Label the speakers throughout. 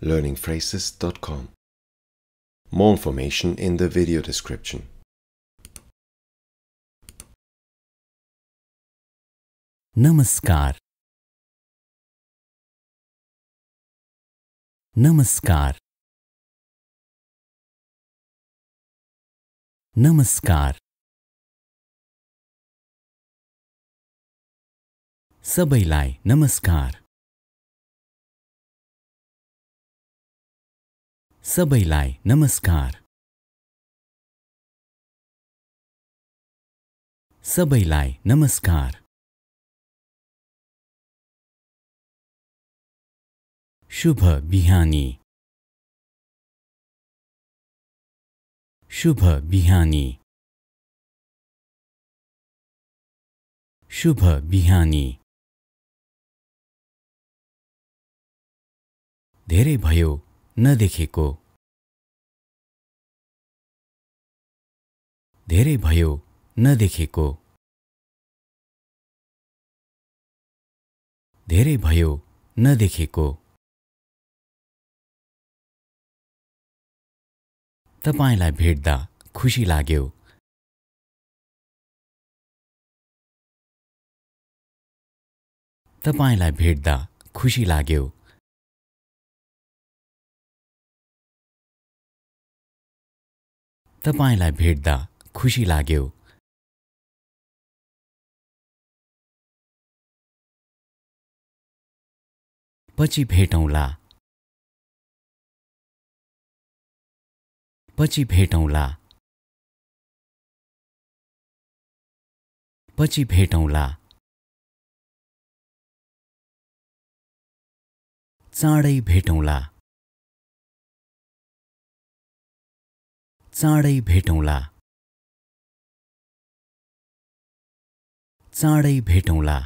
Speaker 1: learningphrases.com. More information in the video description. Namaskar. Namaskar. Namaskar. Sabailai, namaskar. सबैलाई नमस्कार सबैलाई नमस्कार शुभ बिहानी शुभ बिहानी शुभ बिहानी धेरै भयो नदेखेको धेरै भयो नदेखेको धेरै भयो नदेखेको तपाईँलाई भेट्दा खुसी लाग्यो तपाईँलाई भेट्दा खुसी लाग्यो तपाईँलाई भेट्दा खुसी लाग्यो पछि भेटौँला पछि भेटौँला पछि भेटौँला चाँडै भेटौँला चाँडै भेटौँला चाँडै भेटौँला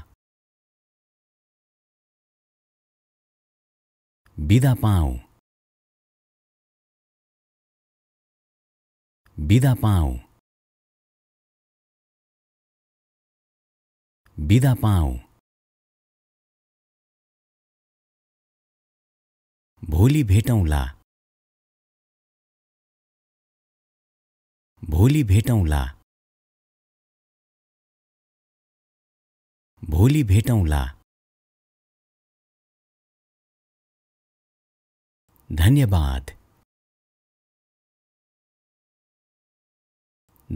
Speaker 1: बिदा पाऊ बिदा पाऊ बिदा पाऊ भोलि भेटौँला भोलि भेटौँला भोलि भेटौँला धन्यवाद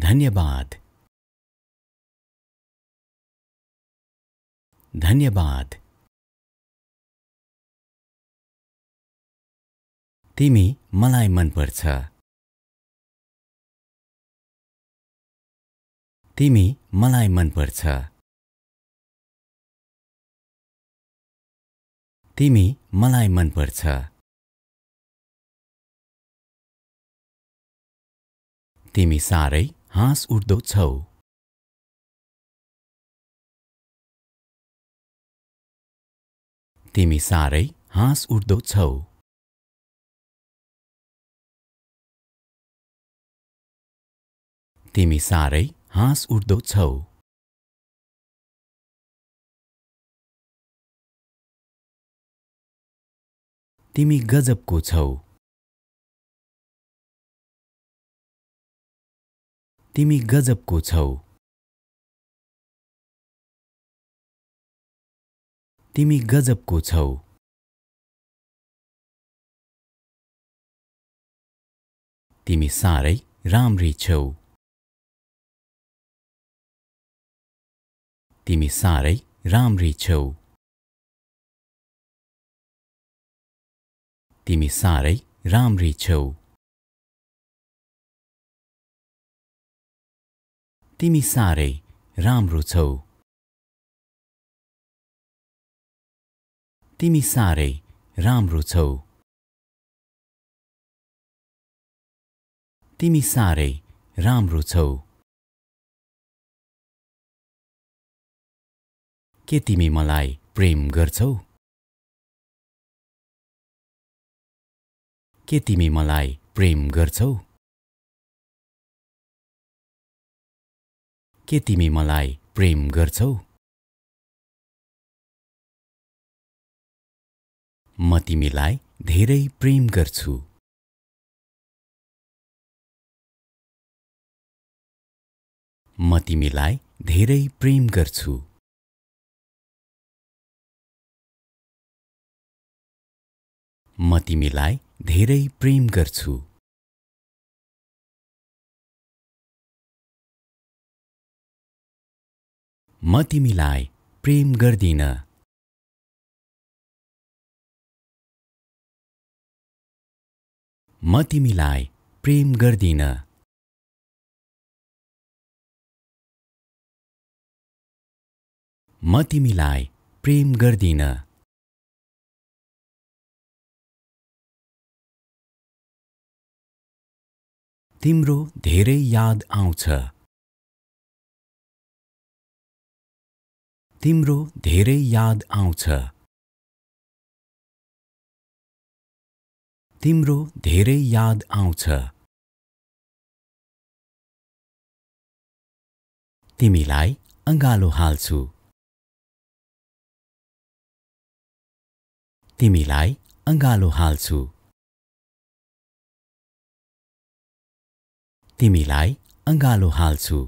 Speaker 1: धन्यवाद धन्यवाद तिमी मलाई मनपर्छ तिमी मलाई मनपर्छ तिमी मलाई मनपर्छ तिमी साह्रै हाँस उठ्दो छौ तिमी साह्रै हाँस उठ्दो छौ तिमी साह्रै हाँस उठ्दो छौ तिमी गजबको छौ तिमी गजबको छौ तिमी गजबको छौ तिमी साह्रै राम्री छौ तिमी साह्रै राम्री छौ तिमी साह्रै राम्री छौ तिमी साह्रै राम्रो छौ तिमी साह्रै राम्रो छौ तिमी साह्रै राम्रो छौ के तिमी मलाई प्रेम गर्छौ के तिमी मलाई प्रेम गर्छौ के तिमी मलाई प्रेम गर्छौ म तिमीलाई धेरै प्रेम गर्छु म तिमीलाई धेरै प्रेम गर्छु म तिमीलाई धेरै प्रेम गर्छु म तिमीलाई प्रेम गर्दिन म तिमीलाई प्रेम गर्दिन म तिमीलाई प्रेम गर्दिन तिम्रो धेरै याद आउँछ तिम्रो धेरै याद आउँछ तिम्रो धेरै याद आउँछ तिमीलाई अँगालो हाल्छु तिमीलाई अँगालो हाल्छु तिमीलाई अँगालो हाल्छु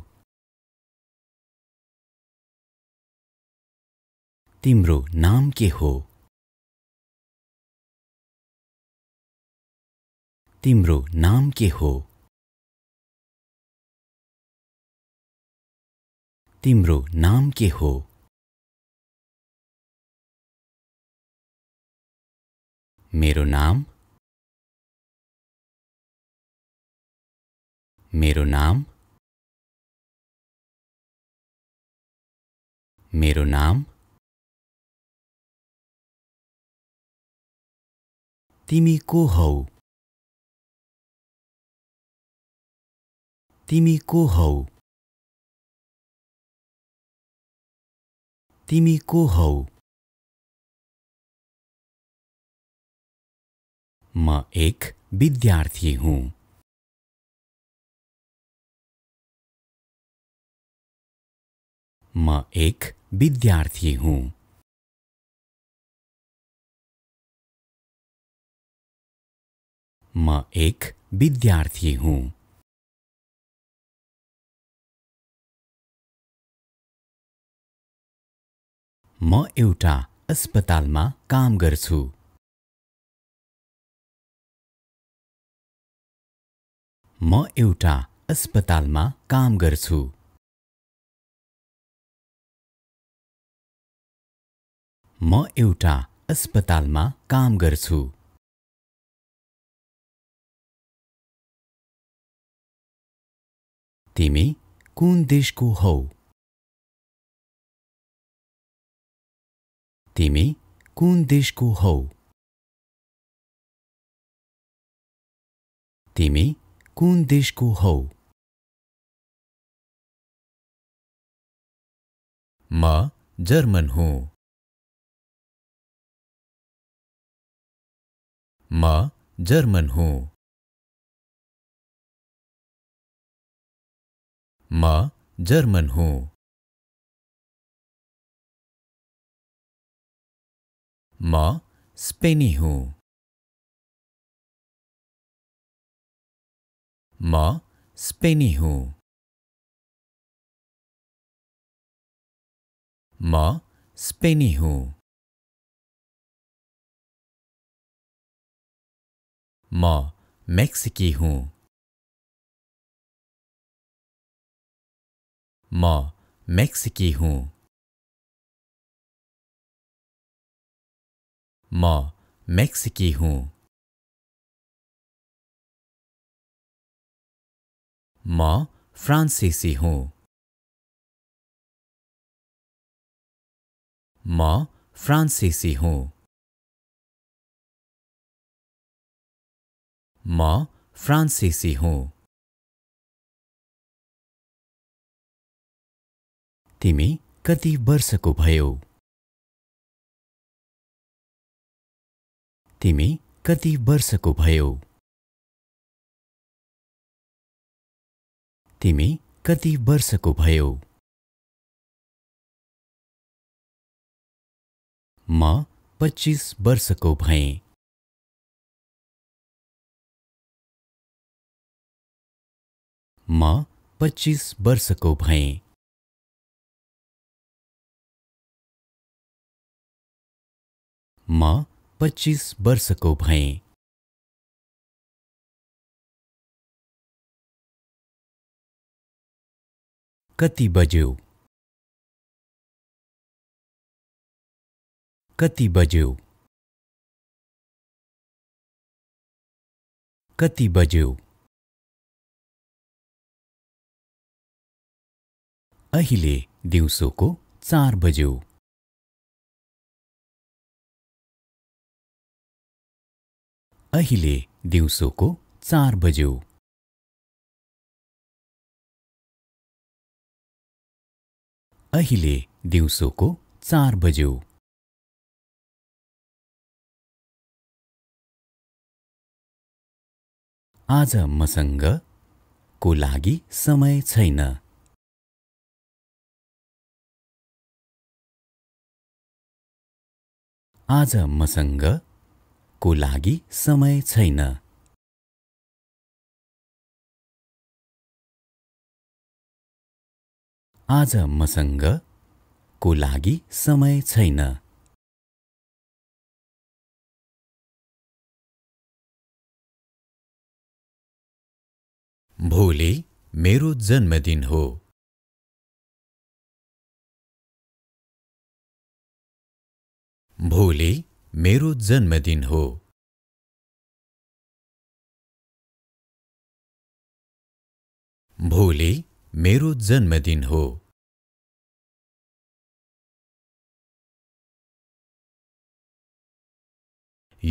Speaker 1: तिम्रो नाम के हो तिम्रो नाम के हो तिम्रो नाम के हो मेरो नाम मेरो नाम मेरो नाम तिमी को हौ तिमी को हौ तिमी को हौ म एक विद्यार्थी हूँ मैं एक विद्यार्थी हूँ मैं एक विद्यार्थी हूँ म एउटा अस्पतालमा काम गर्छु म एउटा अस्पतालमा काम गर्छु म एउटा अस्पतालमा काम गर्छु तिमी कुन देशको हौ तिमी कुन देशको हौ तिमी कुन देशको हौ म जर्मन हुँ मां जर्मन हूं मां जर्मन हूं मां स्पेनी हूं मां स्पेनी हूं मां स्पेनी हूँ म मेक्सिकी हूँ म मेक्सिकी हूँ म मेक्सिकी हूँ म फ्रांसीसी हूँ म फ्रांसीसी हूँ मां फ्रांसीसी हूं तिमी कति वर्षको भयो तिमी कति वर्षको भयो तिमी कति वर्षको भयो म पच्चिस वर्षको भएँ माँ पच्चीस वर्ष को भयें माँ पच्चीस वर्ष को भयें कति बज्यो कति बज्यो कति बज्यो अहिले दिउँसोको चार बज्यो अहिले दिउँसोको चार बज्यो अहिले दिउँसोको चार बज्यो आज मसँग को लागि समय छैन आज मसँग को लागि समय छैन आज मसँग को लागि समय छैन भोलि मेरो जन्मदिन हो भोलि मेरो जन्मदिन हो भोलि मेरो जन्मदिन हो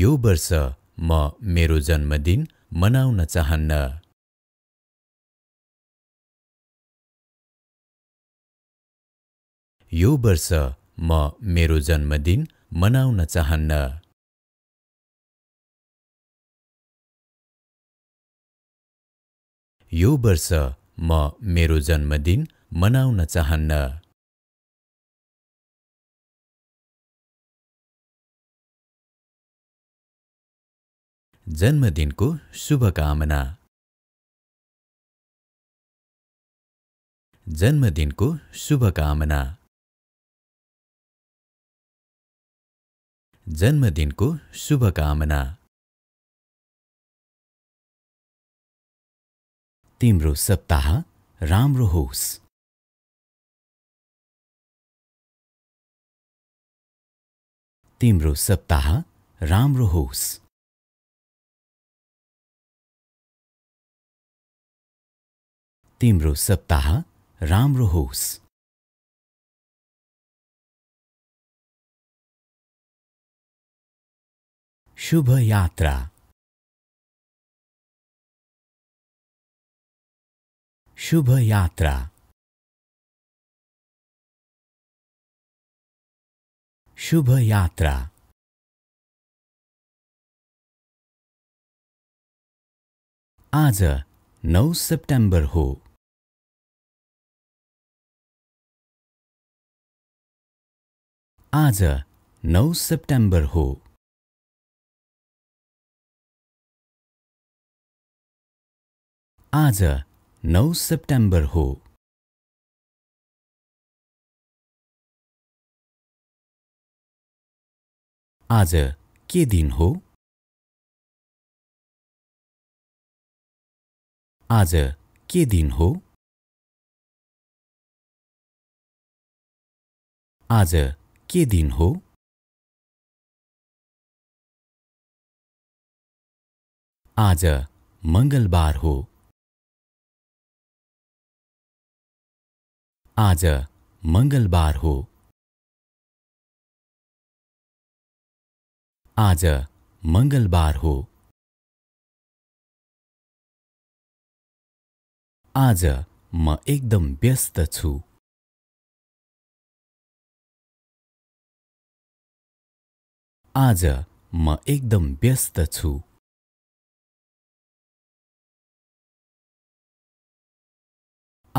Speaker 1: यो वर्ष म मेरो जन्मदिन मनाउन चाहन्न यो वर्ष म मेरो जन्मदिन मनाउन चाहन्न यो वर्ष म मेरो जन्मदिन मनाउन चाहन्न जन्मदिनको शुभकामना जन्मदिनको शुभकामना जन्मदिन को शुभकामना तिम्रो सप्ताह राम्रो होस् तिम्रो सप्ताह राम्रो होस् तिम्रो सप्ताह राम्रो होस् शुभ यात्रा शुभ यात्रा शुभ यात्रा आज नौ सेप्टेम्बर हो आज नौ सेप्टेम्बर हो आज नौ सेप्टेम्बर हो आज के दिन हो आज के दिन हो आज के दिन हो आज मंगलवार हो आज मंगलवार हो आज मंगलवार हो आज म एकदम व्यस्त छु आज म एकदम व्यस्त छु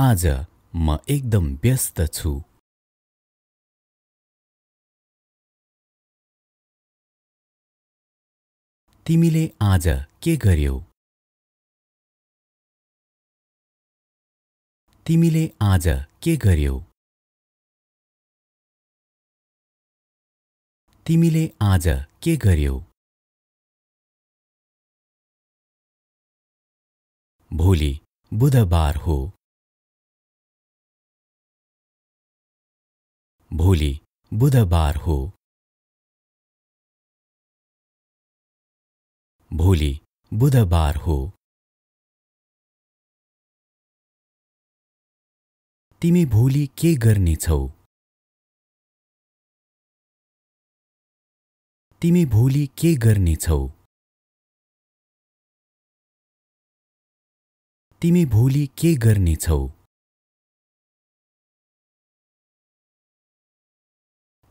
Speaker 1: आज म एकदम व्यस्त छु तिमीले आज के गर्यौ तिमीले आज के गर्यौ तिमीले आज के गर्यौ भोलि बुधबार हो भोलि बुधबार हो भोलि बुधबार हो तिमी भोलि के गर्नेछौ तिमी भोलि के गर्नेछौ तिमी भोलि के गर्नेछौ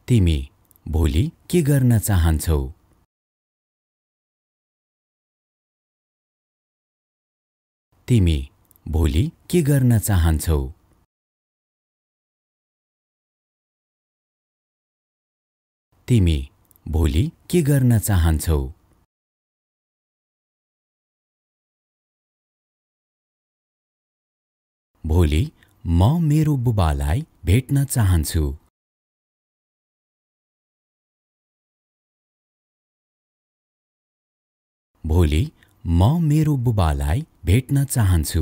Speaker 1: तिमी भोलि के गर्न चाहन्छौ तिमी भोलि के गर्न चाहन्छौ तिमी भोलि के गर्न चाहन्छौ भोलि म मेरो बुबालाई भेट्न चाहन्छु भोलि म मेरो बुबालाई भेट्न चाहन्छु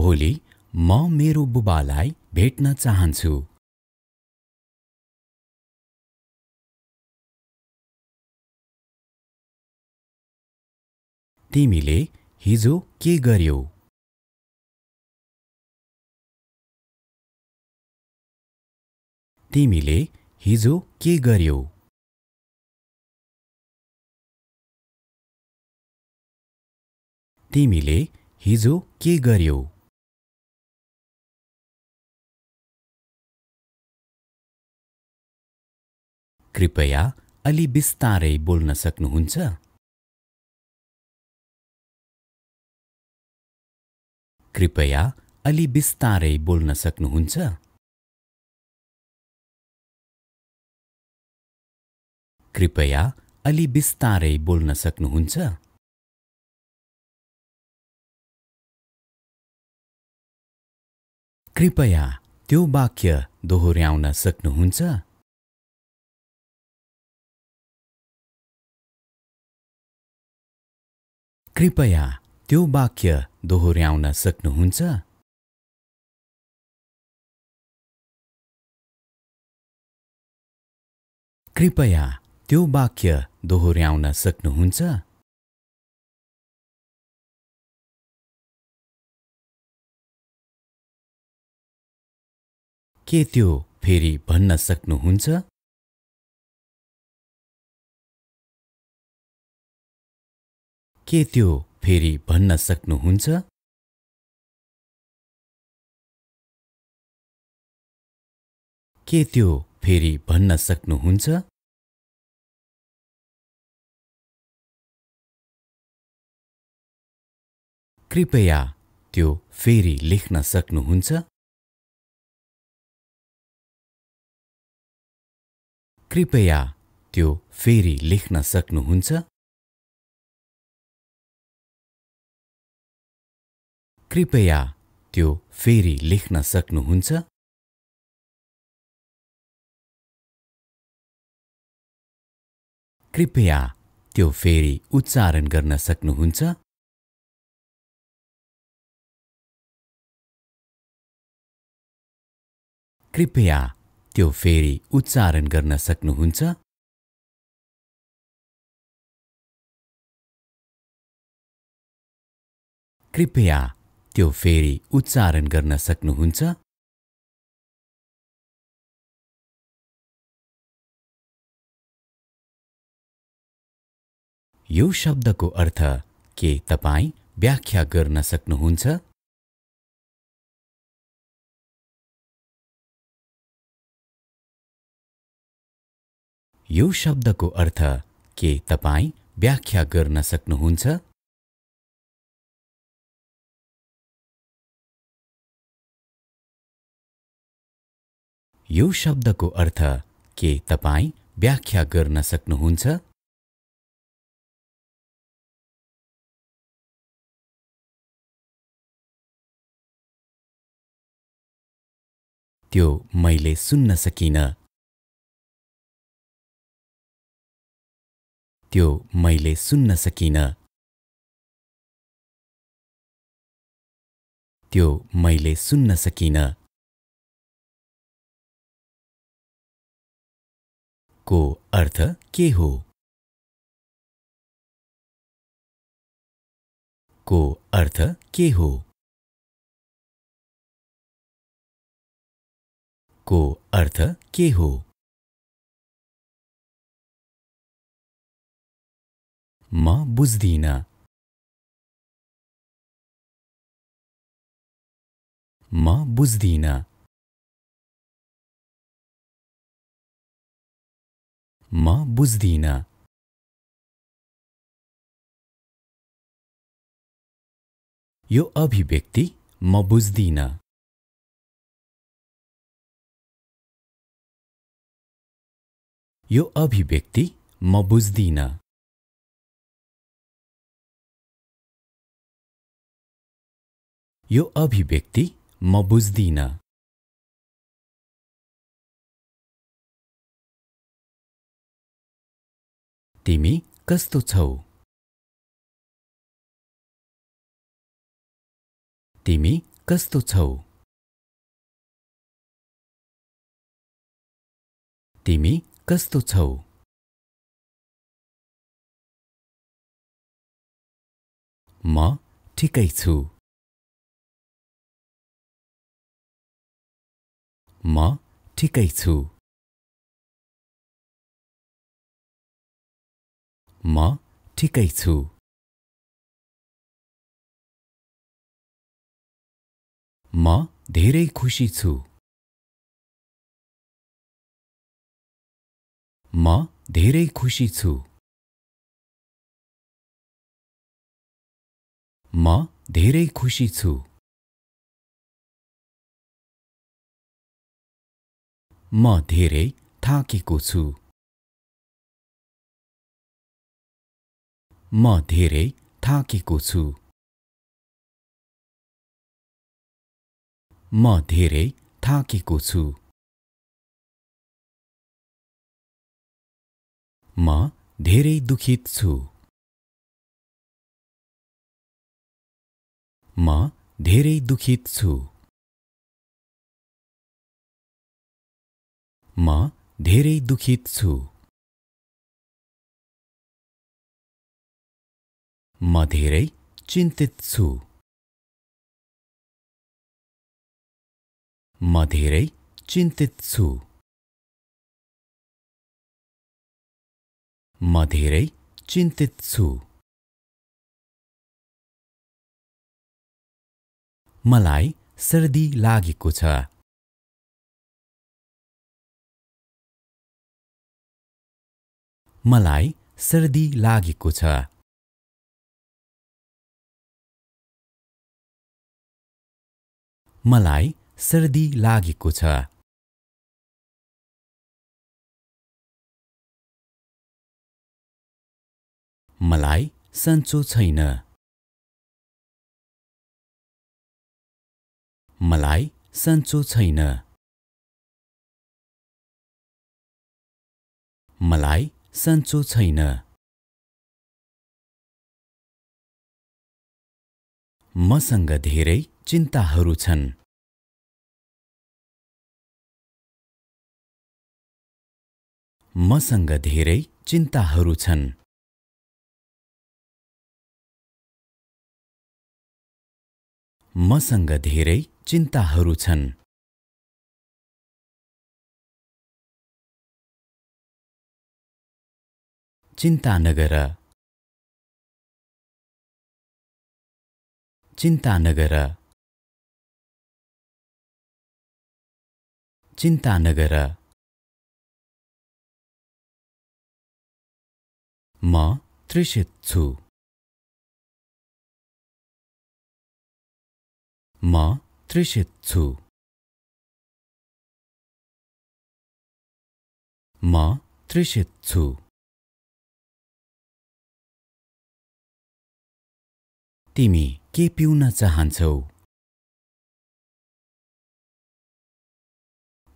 Speaker 1: भोलि म मेरो बुबालाई भेट्न चाहन्छु तिमीले हिजो के गर्यौ तिमीले हिजो के गर्यौ तिमीले हिजो के गर्यौ कृपया अलि बिस्तारै बोल्न सक्नुहुन्छ कृपया अलि बिस्तारै बोल्न सक्नुहुन्छ कृपया अलि बिस्तारै बोल्न सक्नुहुन्छ कृपया त्यो वाक्य दोहोऱ्याउन सक्नुहुन्छ कृपया त्यो वाक्य दोहोऱ्याउन सक्नुहुन्छ कृपया त्यो वाक्य दोहोऱ्याउन सक्नुहुन्छ के त्यो फेरि भन्न सक्नुहुन्छ के त्यो फेरि भन्न सक्नुहुन्छ के त्यो फेरि भन्न सक्नुहुन्छ कृपया त्यो फेरि लेख्न सक्नुहुन्छ कृपया त्यो फेरि लेख्न सक्नुहुन्छ कृपया त्यो फेरि लेख्न सक्नुहुन्छ कृपया त्यो फेरि उच्चारण गर्न सक्नुहुन्छ कृपया त्यो फेरि उच्चारण गर्न सक्नुहुन्छ कृपया त्यो फेरि उच्चारण गर्न सक्नुहुन्छ यो शब्दको अर्थ के तपाईँ व्याख्या गर्न सक्नुहुन्छ यो शब्दको अर्थ के तपाईँ व्याख्या गर्न सक्नुहुन्छ यो शब्दको अर्थ के तपाईँ व्याख्या गर्न सक्नुहुन्छ त्यो मैले सुन्न सकिनँ त्यो मैले सुन्न सकिनँ त्यो मैले सुन्न सकिनँ को अर्थ के हो को अर्थ के हो को अर्थ के हो ما بزدينا ما بزدينا ما بزدينا यो अभिव्यक्ति म बुझ्दिन यो अभिव्यक्ति म बुझ्दिन यो अभिव्यक्ति म बुझ्दिनँ तिमी कस्तो छौ तिमी कस्तो छौ तिमी कस्तो छौ म ठिकै छु म ठिकै छु म ठिकै छु म धेरै खुसी छु म धेरै खुसी छु म धेरै खुसी छु म धेरै थाकेको छु म धेरै थाकेको छु म धेरै थाकेको छु म धेरै दुखित छु म धेरै दुखित छु म धेरै दुखित छु म धेरै चिन्तित छु म धेरै चिन्तित छु म धेरै चिन्तित छु मलाई सर्दी लागेको छ मलाई सर्दी लागेको छ। मलाई सर्दी लागेको छ मलाई सन्चो छैन मलाई सन्चो छैन मलाई सन्चो छैन मसँग धेरै चिन्ताहरू छन् मसँग धेरै चिन्ताहरू छन् मसँग धेरै चिन्ताहरू छन् चिन्ता नगर चिन्ता नगर चिन्ता नगर म त्रिषित छु म त्रिषित छु म त्रिषित छु तिमी के पिउन चाहन्छौ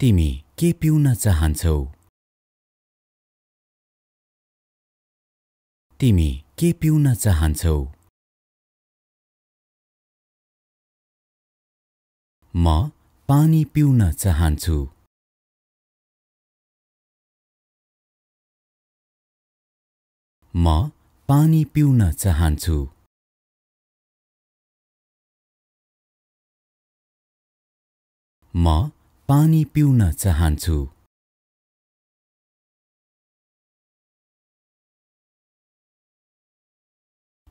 Speaker 1: तिमी के पिउन चाहन्छौ तिमी के पिउन चाहन्छौ म पानी पिउन चाहन्छु म पानी पिउन चाहन्छु म पानी पिउन चाहन्छु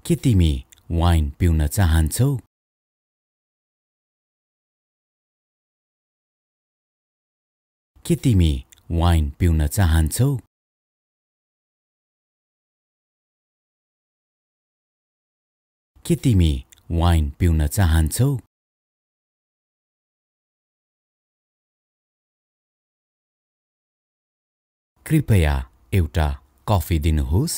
Speaker 1: के तिमी वाइन पिउन चाहन्छौ के तिमी वाइन पिउन चाहन्छौ के तिमी वाइन पिउन चाहन्छौ कृपया एउटा कफी दिनुहोस्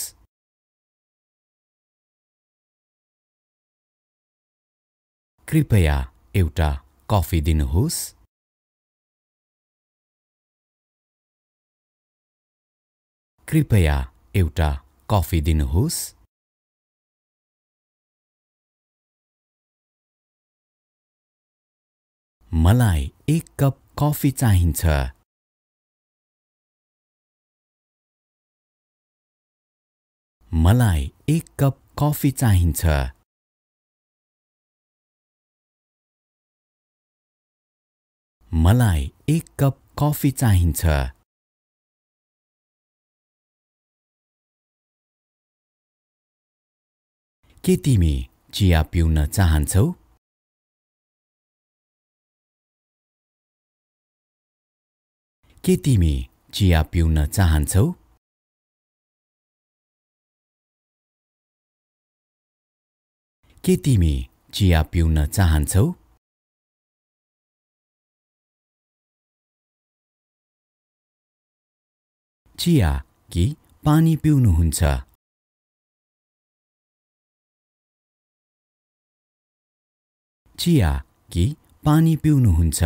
Speaker 1: कृपया एउटा कफी दिनुहोस् कृपया एउटा कफी दिनुहोस् मलाई एक कप कफी चाहिन्छ मलाई एक कप कफी चाहिन्छ मलाई एक कप कफी चाहिन्छ के तिमी चिया पिउन चाहन्छौ के तिमी चिया पिउन चाहन्छौ के तिमी चिया पिउन चाहन्छौ चिया कि पानी पिउनुहुन्छ चिया कि पानी पिउनुहुन्छ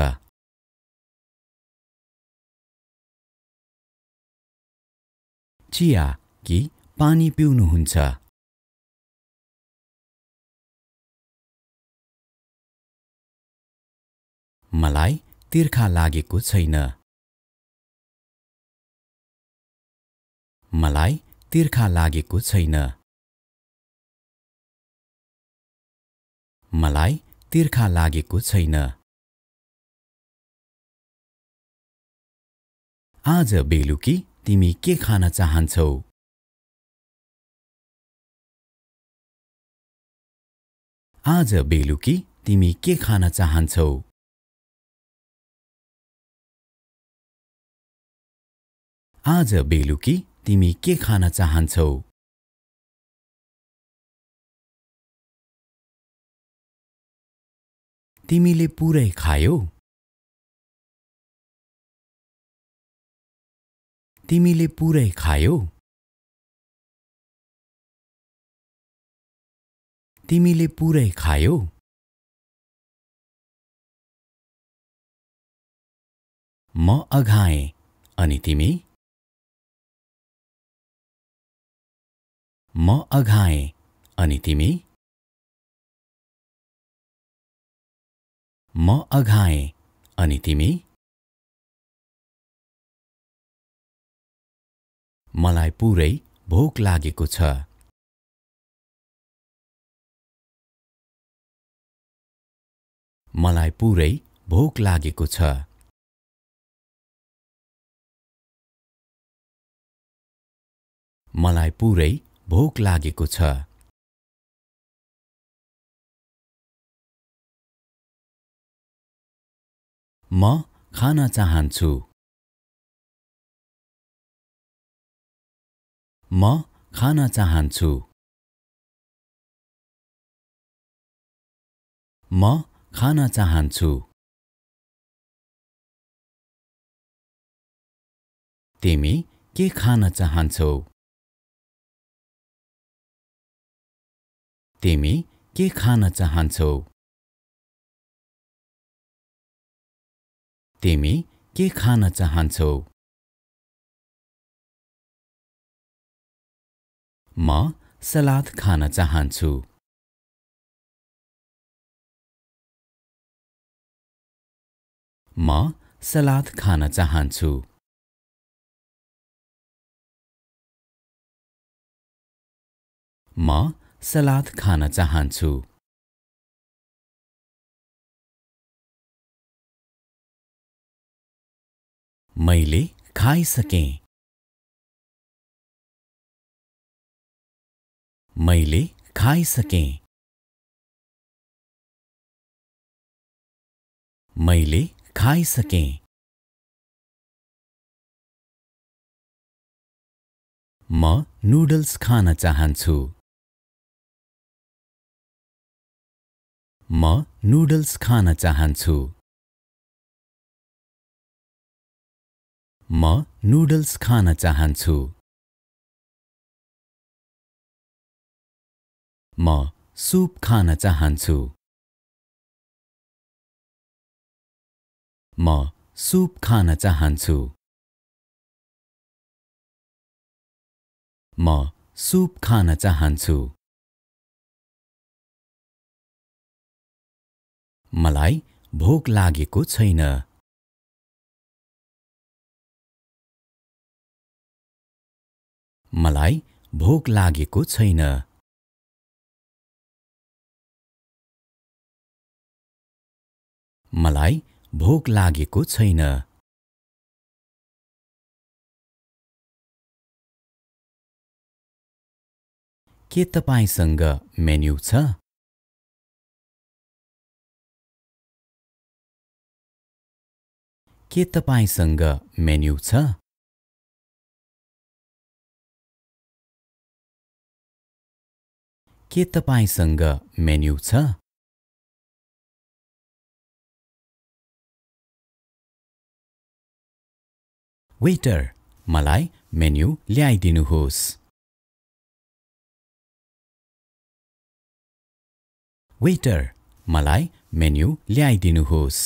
Speaker 1: चिया कि पानी पिउनुहुन्छ मलाई तिर्खा लागेको छैन मलाई तिर्खा लागेको छैन मलाई तिर्खा लागेको छैन आज बेलुकी तिमी के खान चाहन्छौ आज बेलुकी तिमी के खान चाहन्छौ आज बेलुकी तिमी के खान चाहन्छौ तिमीले पुरै खायौ तिमीले पुरै खायौ तिमीले पुरै खायौ म अघाएँ अनि तिमी म अघाएँ अनि तिमी म अघाएँ अनि तिमी मलाई पुरै भोक लागेको छ मलाई पुरै भोक लागेको छ मलाई पुरै भोक लागेको छ म खान चाहन्छु म खान चाहन्छु म खान चाहन्छु तिमी के खान चाहन्छौ तिमी के खान चाहन्छौ तिमी के खान चाहन्छौ म सलाद खान चाहन्छु म सलाद खान चाहन्छु म सलाद खान चाहन्छु मैले खाइसके मैले खाइसके मैले खाइसके म नुडल्स खान चाहन्छु म नुडल्स खान चाहन्छु म नुडल्स खान चाहन्छु म सुप खान चाहन्छु म सुप खान चाहन्छु म सुप खान चाहन्छु मलाई भोक लागेको छैन मलाई भोक लागेको छैन मलाई भोक लागेको छैन के तपाईँसँग मेन्यु छ के तपाईँसँग मेन्यु छ के तपाईँसँग मेन्यु छ वेटर मलाई मेन्यु ल्याइदिनुहोस् वेटर मलाई मेन्यु ल्याइदिनुहोस्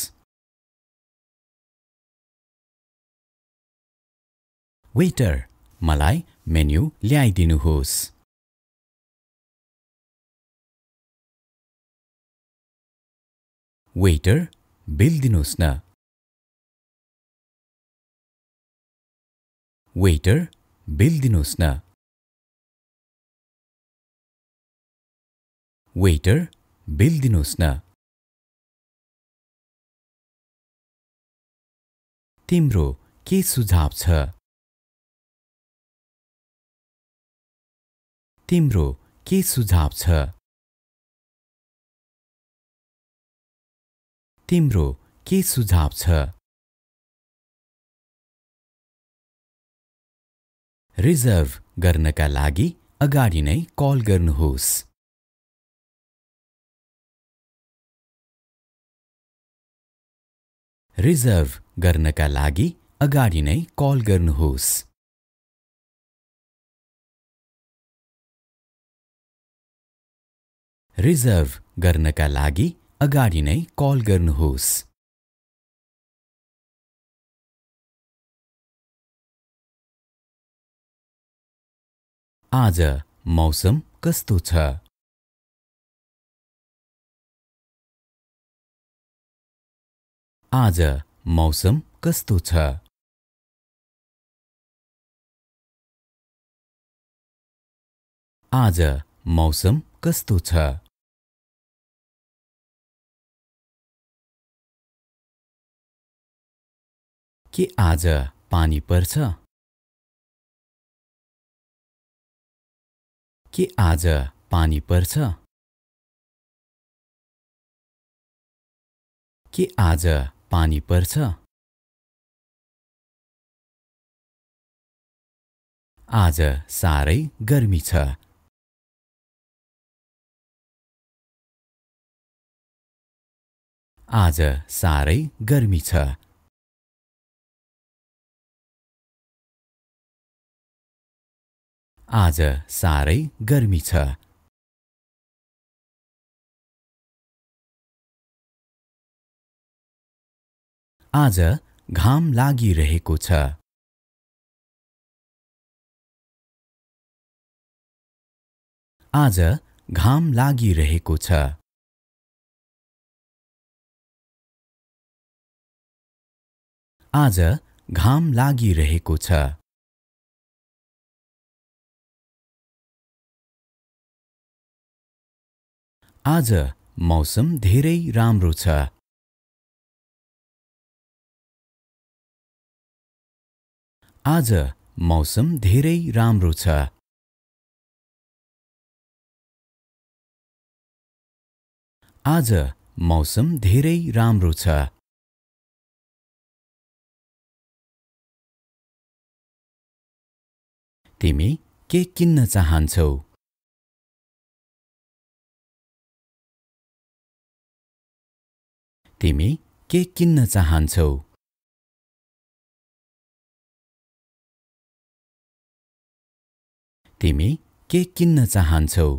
Speaker 1: वेटर मलाई मेन्यू ल्याइदिनुहोस् वेटर बिल दिनुहोस् न वेटर बिल दिनुहोस् न वेटर बिल दिनुहोस् न तिम्रो के सुझाव छ तिम्रो के सुझाव छ तिम्रो के सुझाव छ रिजर्भ गर्नका लागि अगाडि नै कल गर्नुहोस् रिजर्भ गर्नका लागि अगाडि नै कल गर्नुहोस् रिजर्भ गर्नका लागि अगाडि नै कल गर्नुहोस् आज मौसम कस्तो छ आज मौसम कस्तो छ आज मौसम कस्तो छ के आज पानी पर्छ के आज पानी पर्छ के आज पानी पर्छ आज साह्रै गर्मी छ आज साह्रै गर्मी छ आज साह्रै गर्मी छ आज घाम लागिरहेको छ आज घाम लागिरहेको छ आज घाम लागिरहेको छ आज मौसम धेरै राम्रो छ आज मौसम धेरै राम्रो छ आज मौसम धेरै राम्रो छ तिमी के किन्न चाहन्छौ तिमी के किन्न चाहन्छौ तिमी के किन्न चाहन्छौ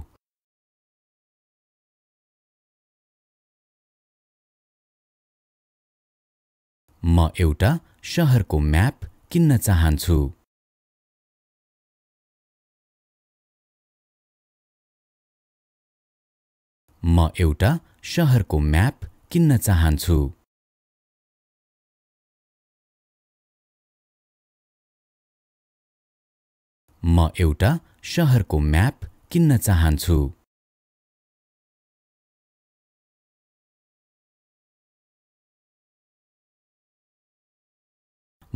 Speaker 1: म एउटा सहरको म्याप किन्न चाहन्छु म एउटा सहरको म्याप किन्न चाहन्छु म एउटा सहरको म्याप किन्न चाहन्छु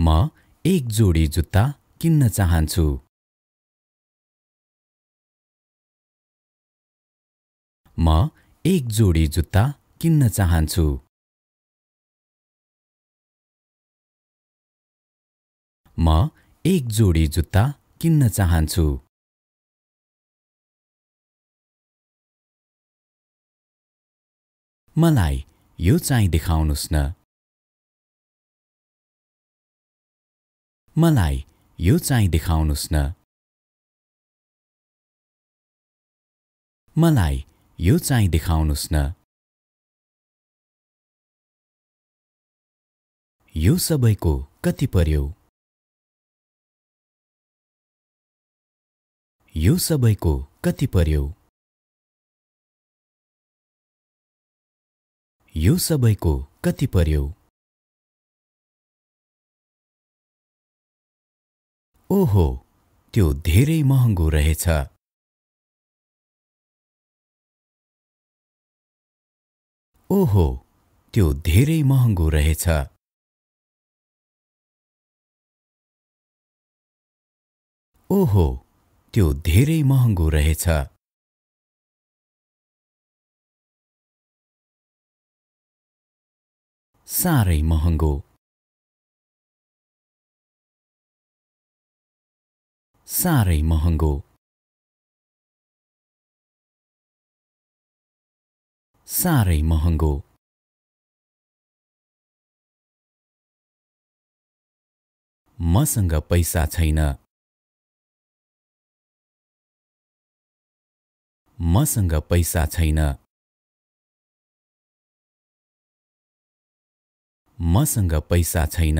Speaker 1: म एक जोडी जुत्ता किन्न चाहन्छु म एक जोडी जुत्ता किन्न चाहन्छु म एक जोडी जुत्ता किन्न चाहन्छु मलाई यो चाहिँ देखाउनुहोस् न मलाई यो चाहिँ देखाउनुहोस् न मलाई यो चाहिँ देखाउनुहोस् न यो सबैको कति पर्यो यो सबैको कति पर्यो यो सबैको कति पर्यो ओहो त्यो धेरै महँगो रहेछ ओहो त्यो धेरै महँगो रहेछ ओहो त्यो धेरै महँगो रहेछ साह्रै महँगो साह्रै महँगो साह्रै महँगो मसँग पैसा छैन मसँग पैसा छैन मसँग पैसा छैन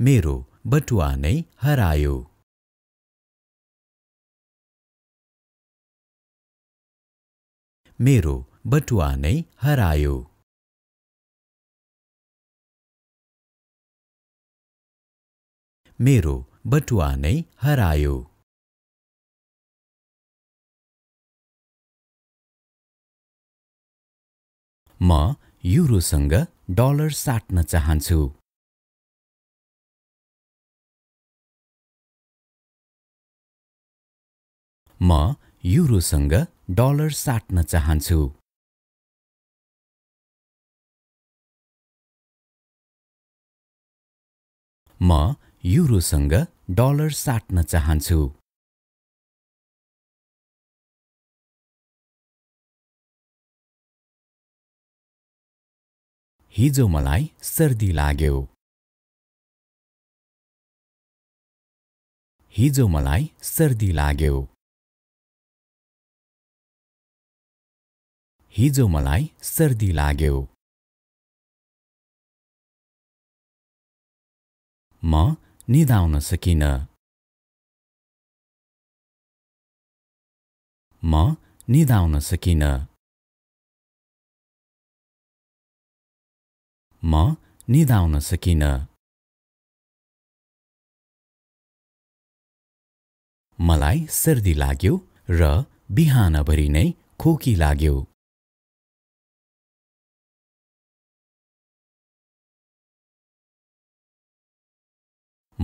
Speaker 1: मेरो बटुवा नै हरायो मेरो बटुवा नै हरायो मेरो बटुवा नै हरायो म युरोसँग डलर साट्न चाहन्छु म युरोसँग डलर साट्न चाहन्छु म युरोसँग डलर साट्न चाहन्छु हिजो मलाई सर्दी लाग्यो हिजो मलाई सर्दी लाग्यो हिजो मलाई सर्दी लाग्यो म निदाउन सकिन म निदाउन सकिन म निदाउन सकिन मलाई सर्दी लाग्यो र बिहानभरि नै खोकी लाग्यो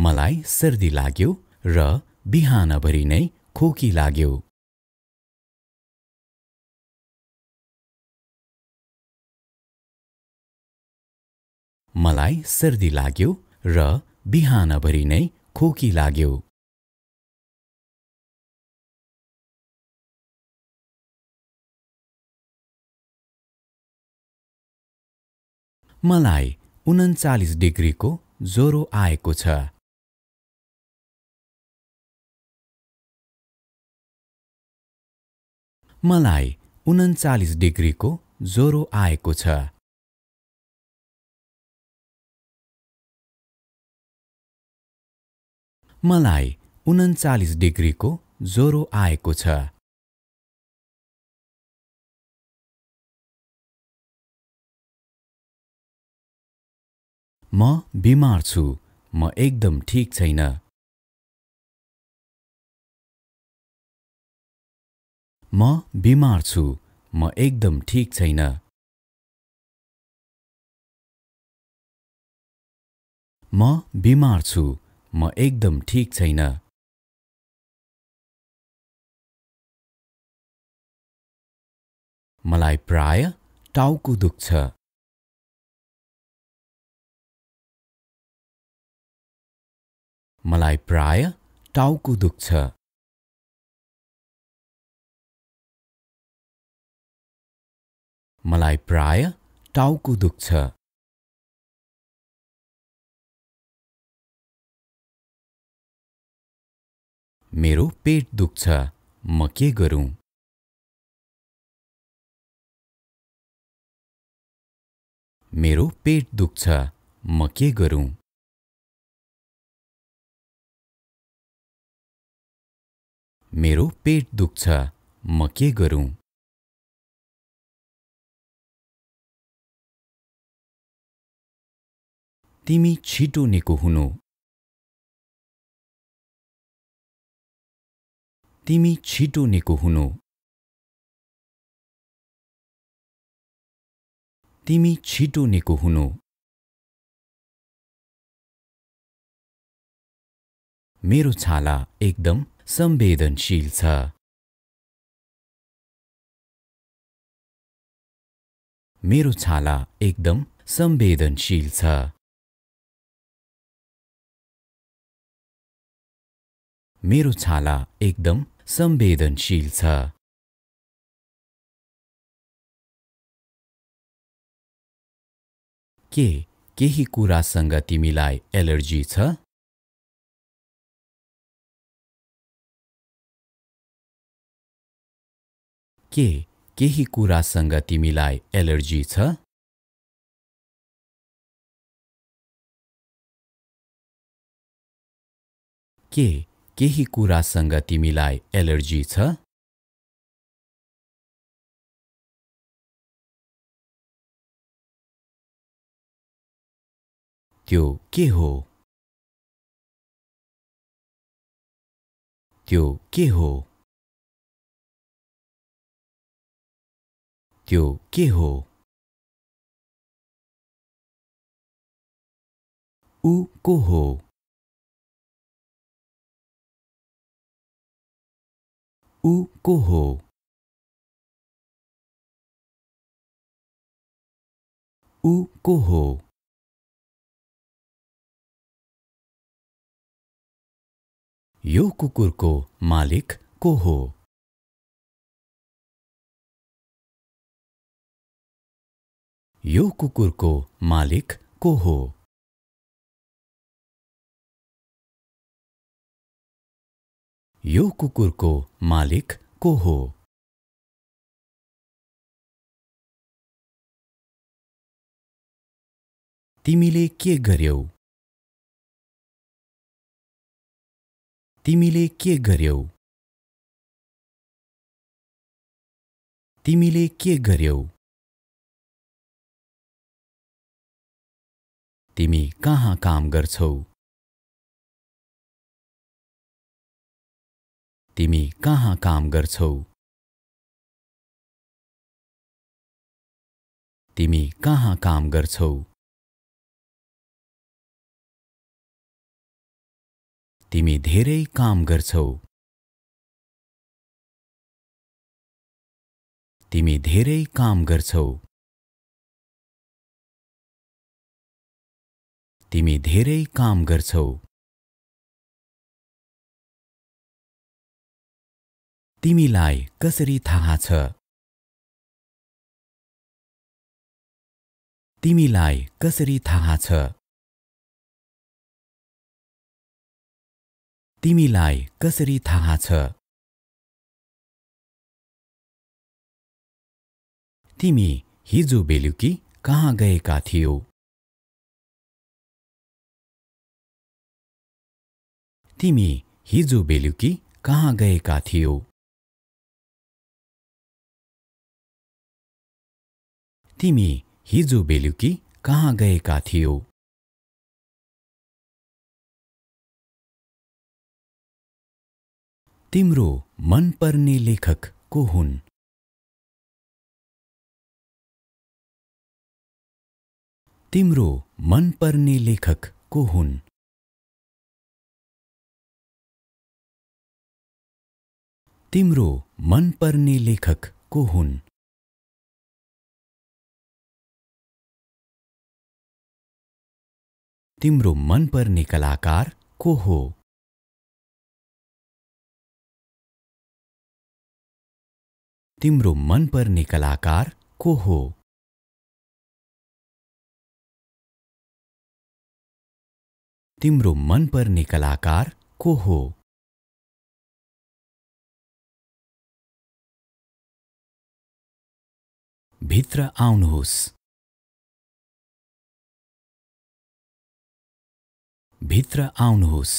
Speaker 1: मलाई सर्दी लाग्यो र बिहानभरि नै खोकी लाग्यो मलाई सर्दी लाग्यो र बिहानभरि नै खोकी लाग्यो मलाई उन्चालिस डिग्रीको ज्वरो आएको छ मलाई उन्चालिस डिग्रीको ज्वरो आएको छ मलाई उन्चालिस डिग्रीको ज्वरो आएको छ म बिमार छु म एकदम ठिक छैन म बिमार छु म एकदम ठिक छैन म बिमार छु म एकदम ठिक छैन मलाई प्राय टाउको दुख्छ मलाई प्राय टाउको दुख्छ मलाई प्राय टाउको दुख्छ मेरो पेट दुख्छ म के गरौँ मेरो पेट दुख्छ म के गरौँ मेरो पेट दुख्छ म के गरौँ तिमी छिटो निको हुनु तिमी छिटो निको हुनु तिमी छिटो निको हुनु मेरो छाला एकदम संवेदनशील छ मेरो छाला एकदम संवेदनशील छ मेरो छाला एकदम संवेदनशील छ के केही कुरासँग तिमीलाई एलर्जी छ के केही कुरासँग तिमीलाई एलर्जी छ के केही कुरासँग तिमीलाई एलर्जी छ त्यो के हो त्यो के हो त्यो के हो ऊ को हो u cô hồ u cô hồ यो कुकुरको मालिक को हो यो कुकुरको मालिक को हो यो कुकुरको मालिक को हो तिमीले के गर्यौ तिमीले के गर्यौ तिमीले के गर्यौ तिमी कहाँ काम गर्छौ तिमी कहाँ काम गर्छौ तिमी कहाँ काम गर्छौ तिमी धेरै काम गर्छौ तिमी धेरै काम गर्छौ तिमी धेरै काम गर्छौ तिमीलाई कसरी थाहा छ तिमीलाई कसरी थाहा छ तिमीलाई कसरी थाहा छ तिमी हिजो बेलुकी कहाँ गएका थियौ तिमी हिजो बेलुकी कहाँ गएका थियौ तिमी हिजो बेलुकी कहाँ गएका थियौ तिम्रो मनपर्ने लेखक को हुन् तिम्रो मनपर्ने लेखक को हुन् तिम्रो मनपर्ने लेखक को हुन् तिम्रो पर कलाकार को हो तिम्रो पर कलाकार को हो तिम्रो पर कलाकार को हो भित्र आउनुहोस् भित्र आउनुहोस्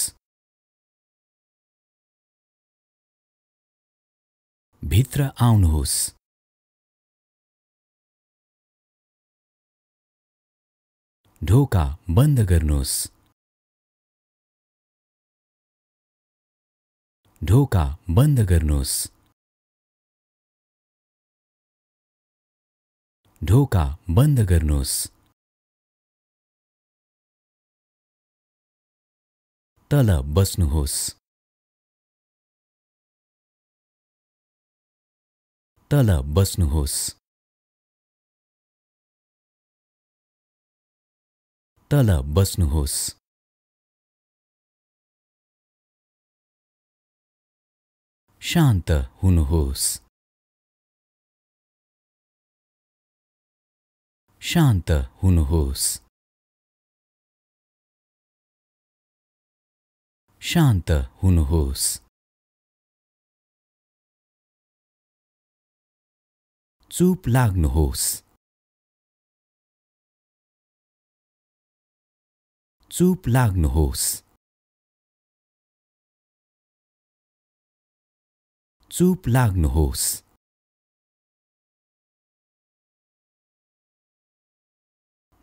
Speaker 1: भित्र आउनुहोस् ढोका बन्द गर्नुहोस् ढोका बन्द गर्नुहोस् ढोका बन्द गर्नुहोस् तल बस्नुहोस् तल बस्नुहोस् तल बस्नुहोस् शान्त हुनुहोस् शान्त हुनुहोस् शान्त हुनुहोस् चुप लाग्नुहोस् चुप लाग्नुहोस् चुप लाग्नुहोस्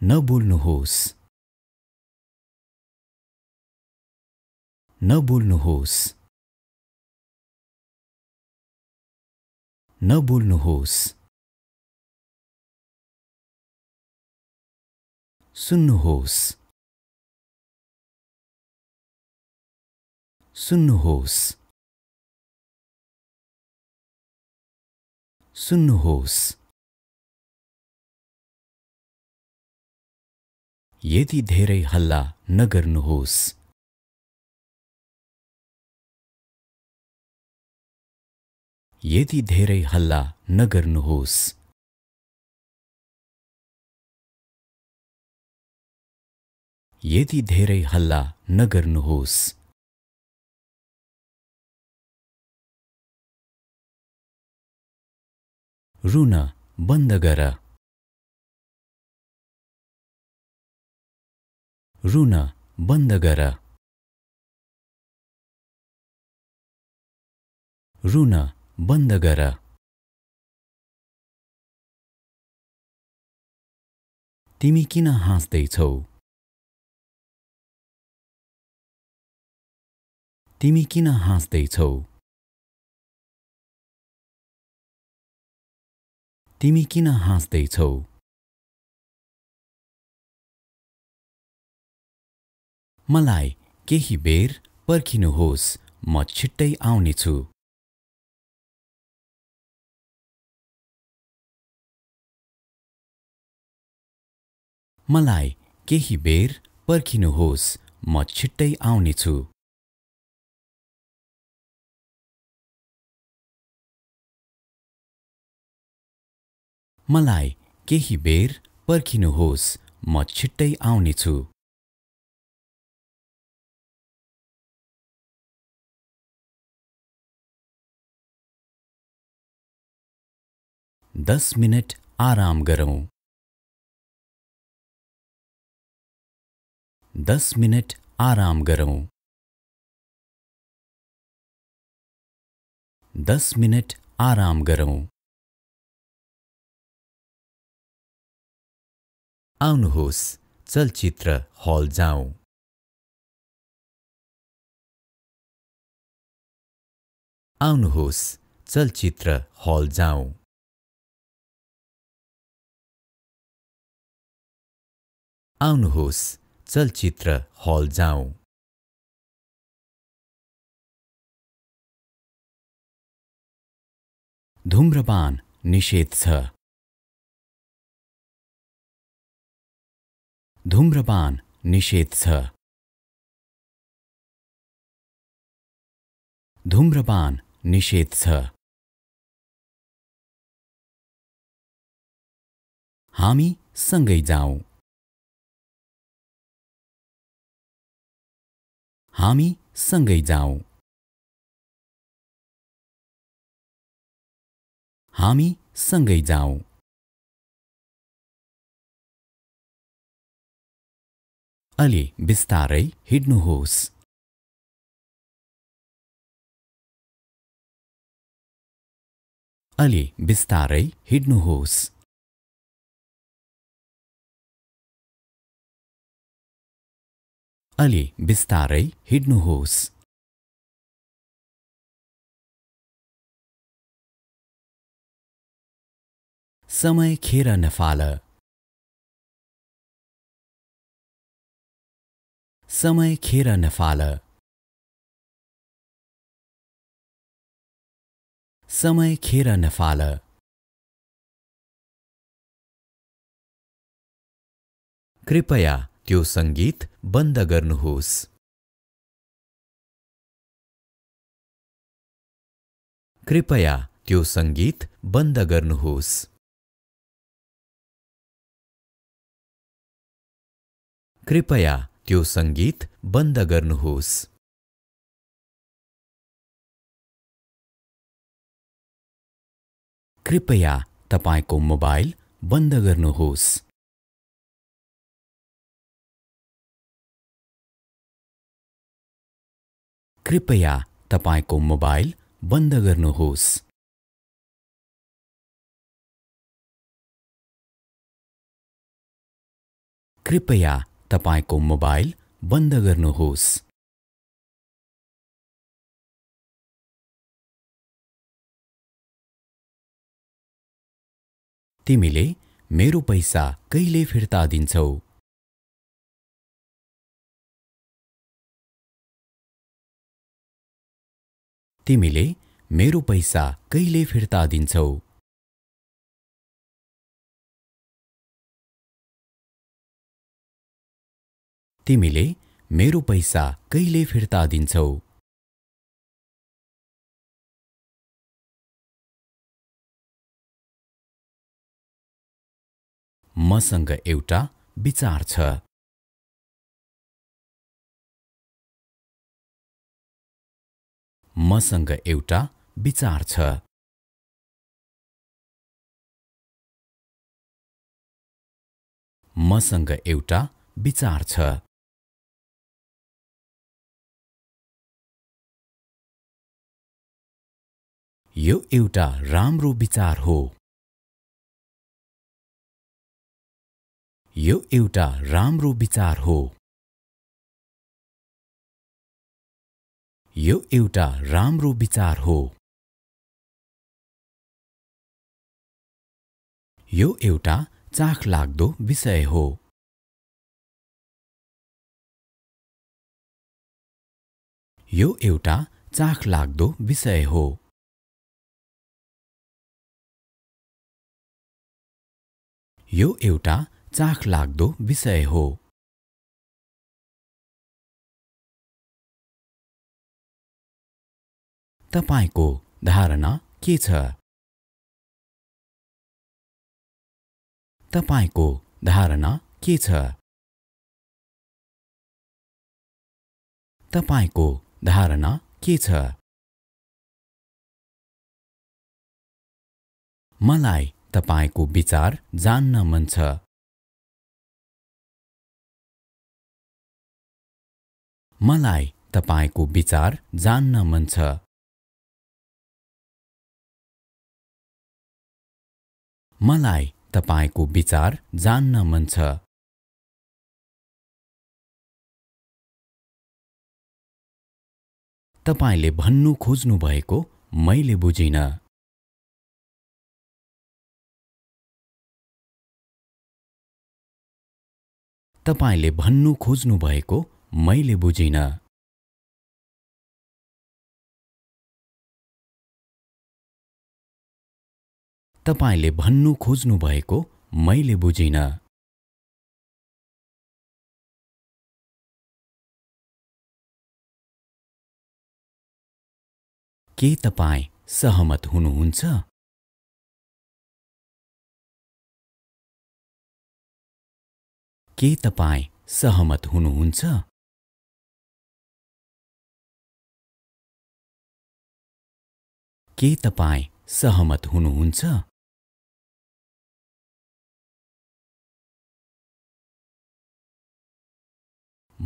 Speaker 1: नबोल्नुहोस् नबोल्नुहोस् नबोल्नुहोस् सुन्नुहोस् सुन्नुहोस् सुन्नुहोस् यदि धेरै हल्ला नगर्नुहोस् यति धेरै हल्ला नगर्नुहोस् यति धेरै हल्ला नगर्नुहोस् रुन बन्द गर रुन बन्द गर रुन बन्द गर तिमी किन हाँस्दैछौ तिमी किन हाँस्दैछौ तिमी किन हाँस्दैछौ मलाई केही बेर पर्खिनुहोस् म छिट्टै आउनेछु मलाई केही बेर पर्खिनुहोस् म छिट्टै आउनेछु मलाई केही बेर पर्खिनुहोस् म छिट्टै आउनेछु दस मिनट आराम गरौँ दस मिनट आराम करो दस मिनट आराम करो आउनुहोस् चलचित्र हल जाऊँ आउनुहोस् चलचित्र हल जाऊँ आउनुहोस् चलचित्र हल जाउँ धुम्रपान निषेध छ धुम्रपान निषेध छ धुम्रपान निषेध छ हामी सँगै जाउँ हामी सँगै जाउँ हामी सँगै जाउँ अलि बिस्तारै हिँड्नुहोस् अलि बिस्तारै हिँड्नुहोस् अलि बिस्तारै हिँड्नुहोस् समय खेर नफाल समय खेर नफाल समय खेर नफाल कृपया त्यो संगीत बन्द गर्नुहोस् कृपया त्यो संगीत बन्द गर्नुहोस् कृपया त्यो संगीत बन्द गर्नुहोस् कृपया तपाईँको मोबाइल बन्द गर्नुहोस् कृपया तपाईँको मोबाइल बन्द गर्नुहोस् कृपया तपाईँको मोबाइल बन्द गर्नुहोस् तिमीले मेरो पैसा कहिले फिर्ता दिन्छौ तिमीले मेरो पैसा कहिले फिर्ता दिन्छौ तिमीले मेरो पैसा कहिले फिर्ता दिन्छौ मसँग एउटा विचार छ मसँग एउटा विचार छ मसँग एउटा विचार छ यो एउटा राम्रो विचार हो यो एउटा राम्रो विचार हो यो एउटा राम्रो विचार हो यो एउटा चाख लाग्दो विषय हो यो एउटा चाख लाग्दो विषय हो यो एउटा चाख लाग्दो विषय हो तपाईँको धारणा के छ तपाईँको धारणा के छ तपाईँको धारणा के छ मलाई तपाईँको विचार जान्न मन छ मलाई तपाईँको विचार जान्न मन छ मलाई तपाईँको विचार जान्न मन छ तपाईँले भन्नु खोज्नु भएको मैले बुझिनँ तपाईँले भन्नु खोज्नु भएको मैले बुझिनँ तपाईँले भन्नु खोज्नु भएको मैले बुझिन के तपाईँ सहमत हुनुहुन्छ के तपाईँ सहमत हुनुहुन्छ के तपाईँ सहमत हुनुहुन्छ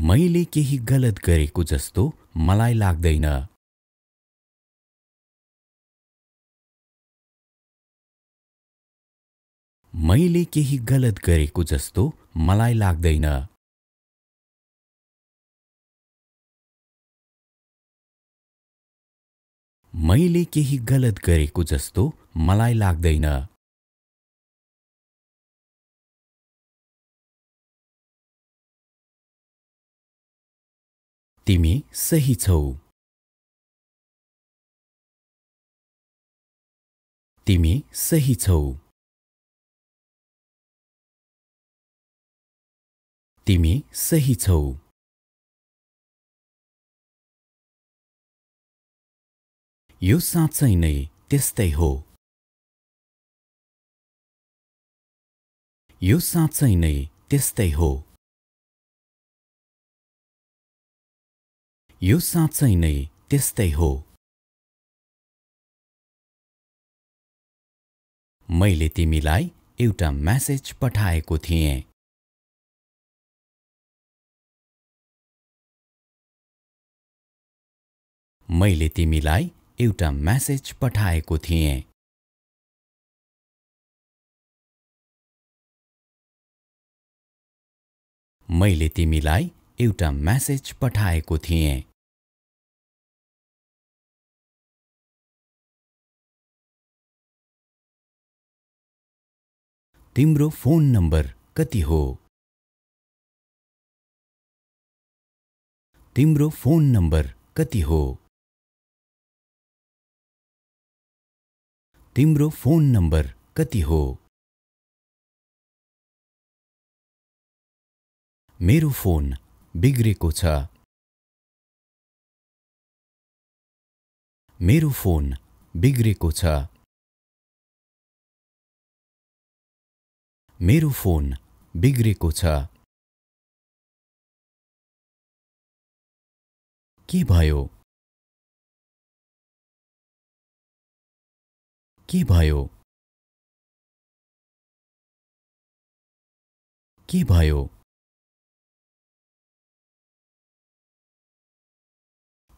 Speaker 1: मैले केही गलत गरेको जस्तो मलाई लाग्दैन मैले केही गलत गरेको जस्तो मलाई लाग्दैन मैले केही गलत गरेको जस्तो मलाई लाग्दैन तिमी सही छौ तिमी सही छौ तिमी सही छौ यो साँच्चै नै त्यस्तै हो यो साँच्चै नै त्यस्तै हो यो साँच्चै नै त्यस्तै हो मैले तिमीलाई एउटा म्यासेज पठाएको थिएँ मैले तिमीलाई एउटा म्यासेज पठाएको थिएँ मैले तिमीलाई एउटा म्यासेज पठाएको थिएँ तिम्रो फोन नम्बर कति हो तिम्रो फोन नम्बर कति हो तिम्रो फोन नम्बर कति हो मेरो फोन बिग्रेको छ मेरो फोन बिग्रेको छ मेरो फोन बिग्रेको छ के भयो के भयो के भयो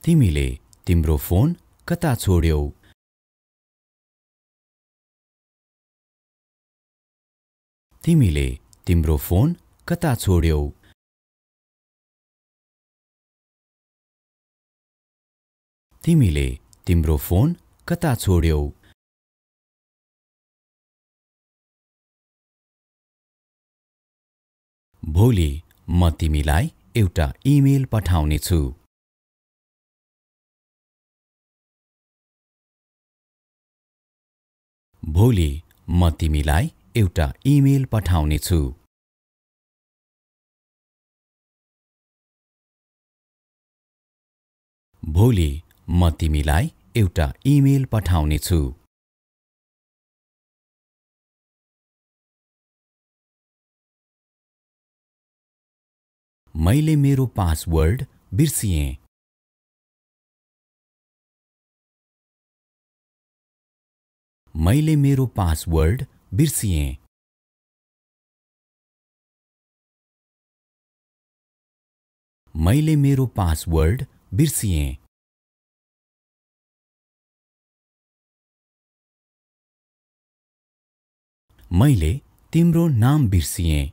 Speaker 1: तिमीले तिम्रो फोन कता छोड्यौ तिमीले तिम्रो फोन कता छोड्यौ तिमीले तिम्रो फोन कता छोड्यौ भोलि म तिमीलाई एउटा इमेल पठाउनेछु भोलि म तिमीलाई एउटा इमेल पठाउनेछु भोलि म तिमीलाई एउटा इमेल पठाउनेछु मैले मेरो पासवर्ड बिर्सिएँ मैले मेरो पासवर्ड बिर्सिएँ मैले मेरो पासवर्ड बिर्सिएँ मैले तिम्रो नाम बिर्सिएँ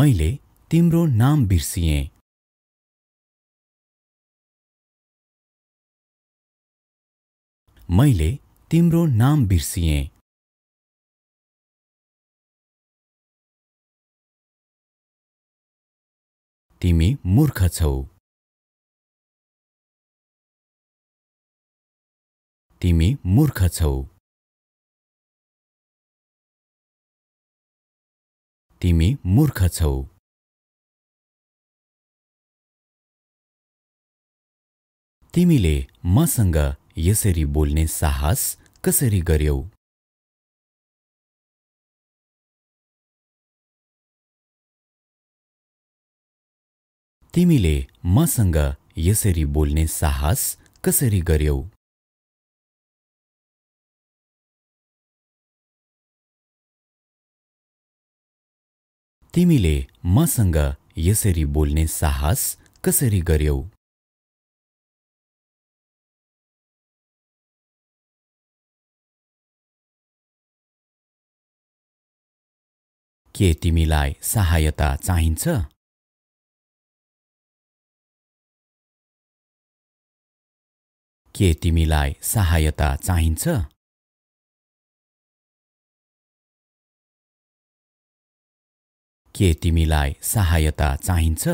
Speaker 1: मैले तिम्रो नाम बिर्सिएँ मैले तिम्रो नाम बिर्सिएँ तिमी मूर्ख छौ तिमी मूर्ख छौ तिमी मूर्ख छौ तिमीले मसँग यसरी बोल्ने साहस कसरी गर्यौ तिमीले मसँग यसरी बोल्ने साहस कसरी गर्यौ तिमीले मसँग यसरी बोल्ने साहस कसरी गर्यौ के तिमीलाई सहायता चाहिन्छ के तिमीलाई सहायता चाहिन्छ के तिमीलाई सहायता चाहिन्छ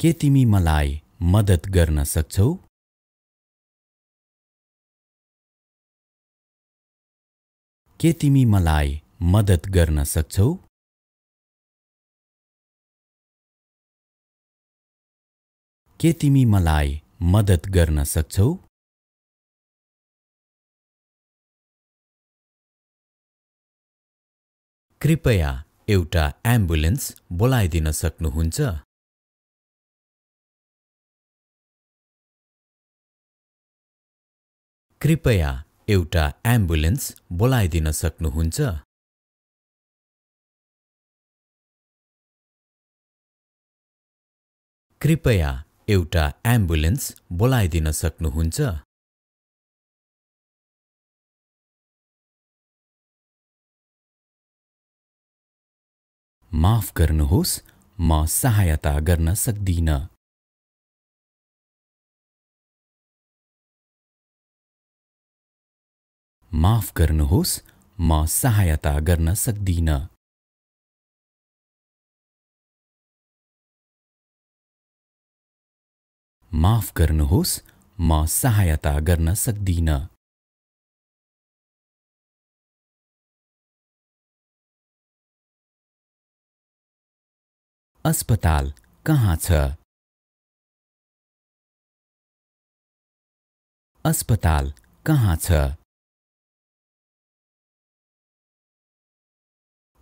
Speaker 1: के तिमी मलाई मद्दत गर्न सक्छौ के तिमी मलाई मद्दत गर्न सक्छौ के तिमी मलाई मद्दत गर्न सक्छौ कृपया एउटा एम्बुलेन्स बोलाइदिन सक्नुहुन्छ कृपया एउटा एम्बुलेन्स बोलाइदिन सक्नुहुन्छ कृपया एउटा एम्बुलेन्स बोलाइदिन सक्नुहुन्छ माफ गर्नुहोस् म सहायता गर्न सक्दिनँ माफ गर्नुहोस् म सहायता गर्न सक्दिनँ माफ गर्नुहोस् म सहायता गर्न सक्दिनँ अस्पताल कहाँ छ अस्पताल कहाँ छ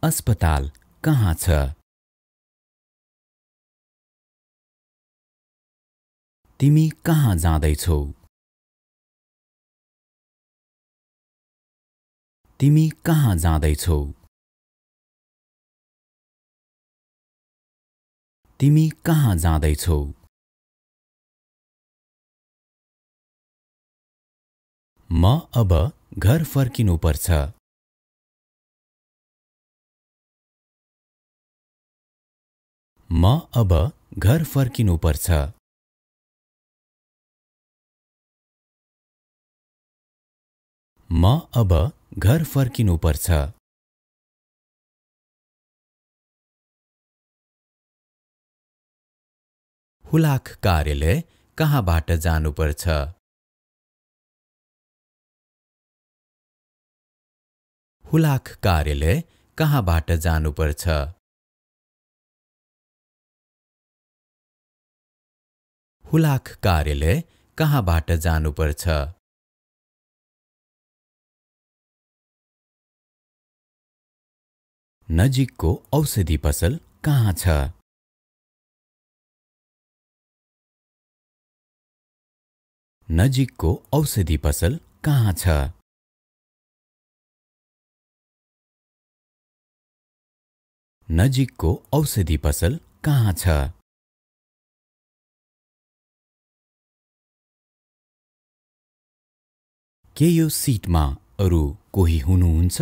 Speaker 1: अस्पताल कहाँ छ तिमी कहाँ जाँदैछौ तिमी कहाँ जाँदैछौ तिमी कहाँ जाँदैछौ म अब घर फर्किनुपर्छ म अब घर फर्किनु पर्छ म अब घर फर्किनु पर्छ हुलाक कार्यालय कहाँबाट जानुपर्छ हुलाक कार्यालय कहाँबाट जानुपर्छ हुलाक कार्यालय कहाँबाट जानुपर्छ नजिकको औषधि पसल कहाँ छ नजिकको औषधि पसल कहाँ छ नजिकको औषधि पसल कहाँ छ के यो सिटमा अरू कोही हुनुहुन्छ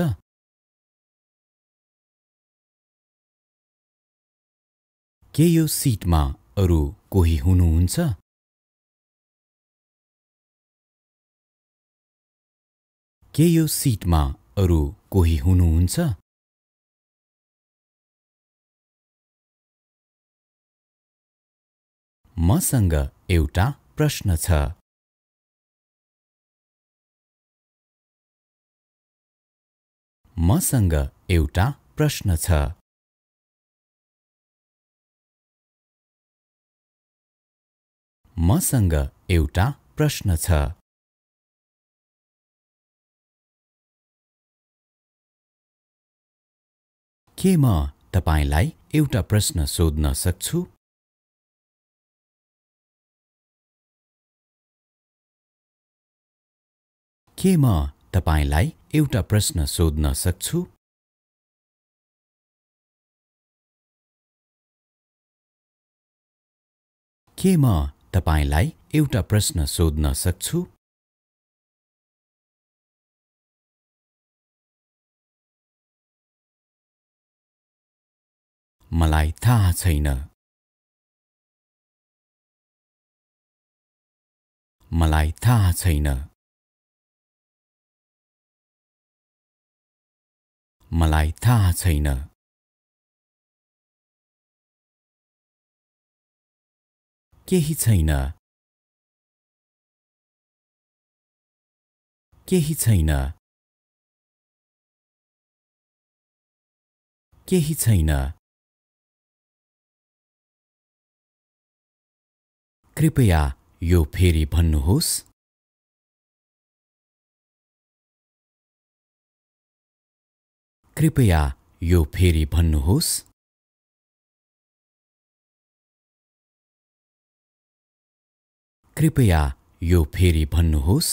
Speaker 1: के यो सिटमा अरू कोही हुनुहुन्छ के यो सिटमा अरू कोही हुनुहुन्छ मसँग एउटा प्रश्न छ मसँग एउटा प्रश्न छ मसँग एउटा प्रश्न छ के म तपाईँलाई एउटा प्रश्न सोध्न सक्छु के म तपाईँलाई एउटा प्रश्न सोध्न सक्छु के म तपाईँलाई एउटा प्रश्न सोध्न सक्छु मलाई थाहा छैन मलाई थाहा छैन मलाई थाहा छैन केही छैन केही छैन केही छैन कृपया यो फेरि भन्नुहोस् कृपया यो फेरि भन्नुहोस् कृपया यो फेरि भन्नुहोस्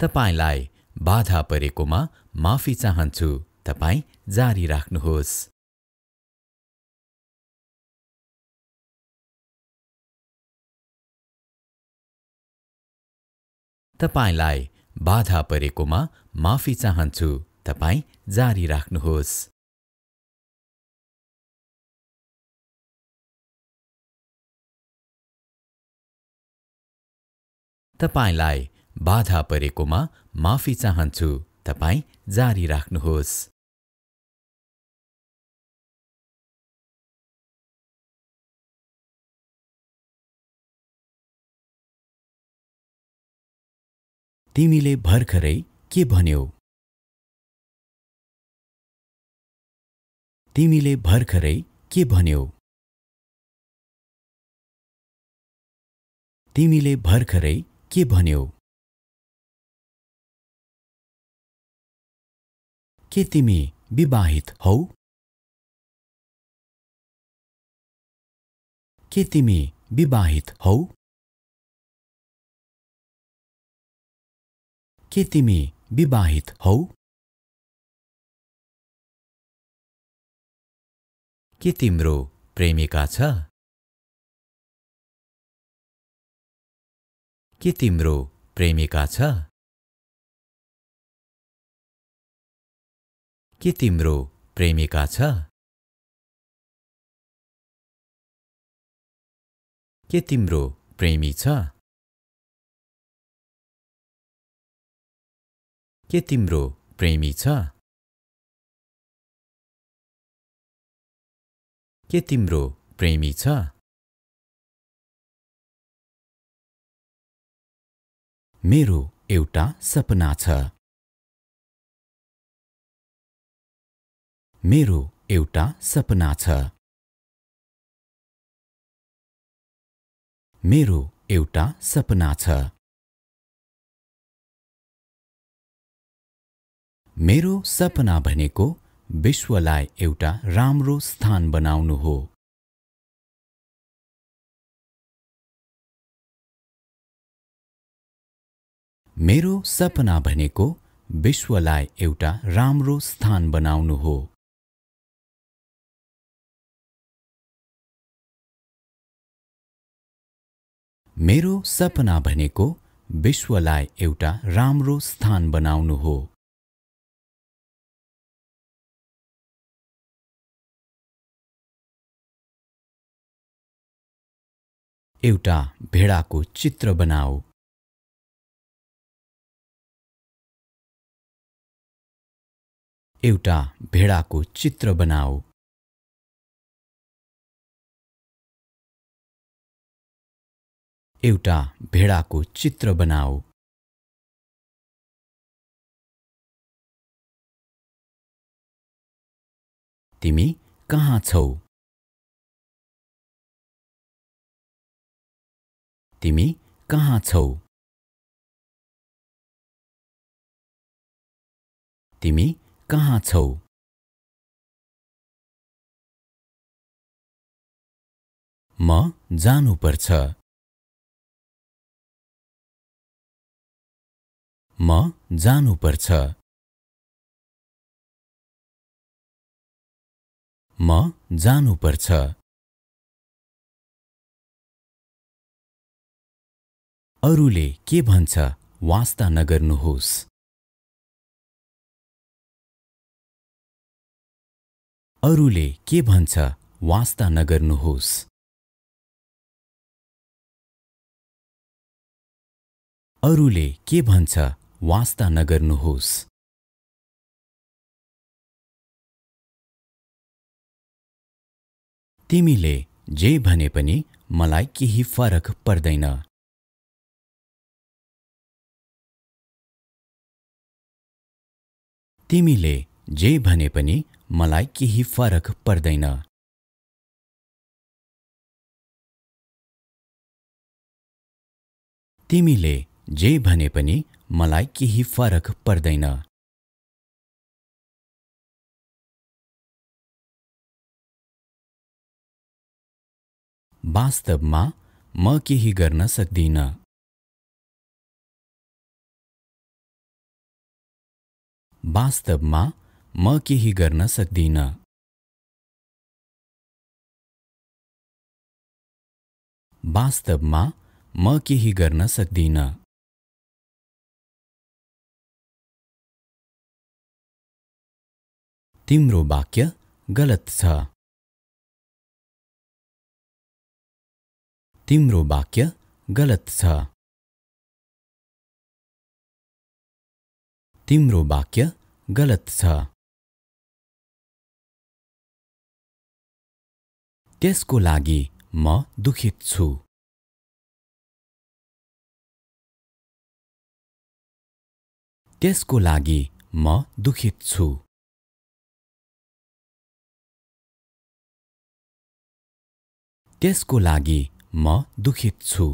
Speaker 1: तपाईँलाई बाधा परेकोमा माफी चाहन्छु तपाईँ जारी राख्नुहोस् तपाईँलाई बाधा परेकोमा माफी चाहन्छु तपाईँ जारी राख्नुहोस् तपाईँलाई बाधा परेकोमा माफी चाहन्छु तपाईँ जारी राख्नुहोस् तिमीले भर्खरै के भन्यौ तिमीले भर्खरै के भन्यौ तिमीले भर्खरै के भन्यौ के तिमी विवाहित हौ के तिमी विवाहित हौ के तिमी विवाहित हौ के तिम्रो प्रेमिका छ के तिम्रो प्रेमिका छ के तिम्रो प्रेमिका छ के तिम्रो प्रेमी छ के तिम्रो प्रेमी छ के तिम्रो प्रेमी छ मेरो एउटा सपना छ मेरो एउटा सपना छ मेरो एउटा सपना छ मेरो सपना भनेको विश्वलाई एउटा राम्रो स्थान बनाउनु हो मेरो सपना भनेको विश्वलाई एउटा राम्रो स्थान बनाउनु हो मेरो सपना भनेको विश्वलाई एउटा राम्रो स्थान बनाउनु हो एउटा भेडाको चित्र बनाऊ एउटा भेडाको चित्र बनाऊ एउटा भेडाको चित्र बनाऊ तिमी कहाँ छौ तिमी कहाँ छौ तिमी कहाँ छौ म जानुपर्छ म जानुपर्छ म जानुपर्छ अरूले के भन्छ वास्ता नगर्नुहोस् अरूले के भन्छ वास्ता नगर्नुहोस् अरूले के भन्छ वास्ता नगर्नुहोस् तिमीले जे भने पनि मलाई केही फरक पर्दैन तिमीले जे भने पनि मलाई केही फरक पर्दैन तिमीले जे भने पनि मलाई केही फरक पर्दैन वास्तवमा म केही गर्न सक्दिनँ वास्तवमा म केही गर्न सक्दिनँ वास्तवमा म केही गर्न सक्दिनँ तिम्रो वाक्य गलत छ तिम्रो वाक्य गलत छ तिम्रो वाक्य गलत छ त्यसको लागि म दुखित छु त्यसको लागि म दुखित छु त्यसको लागि म दुखित छु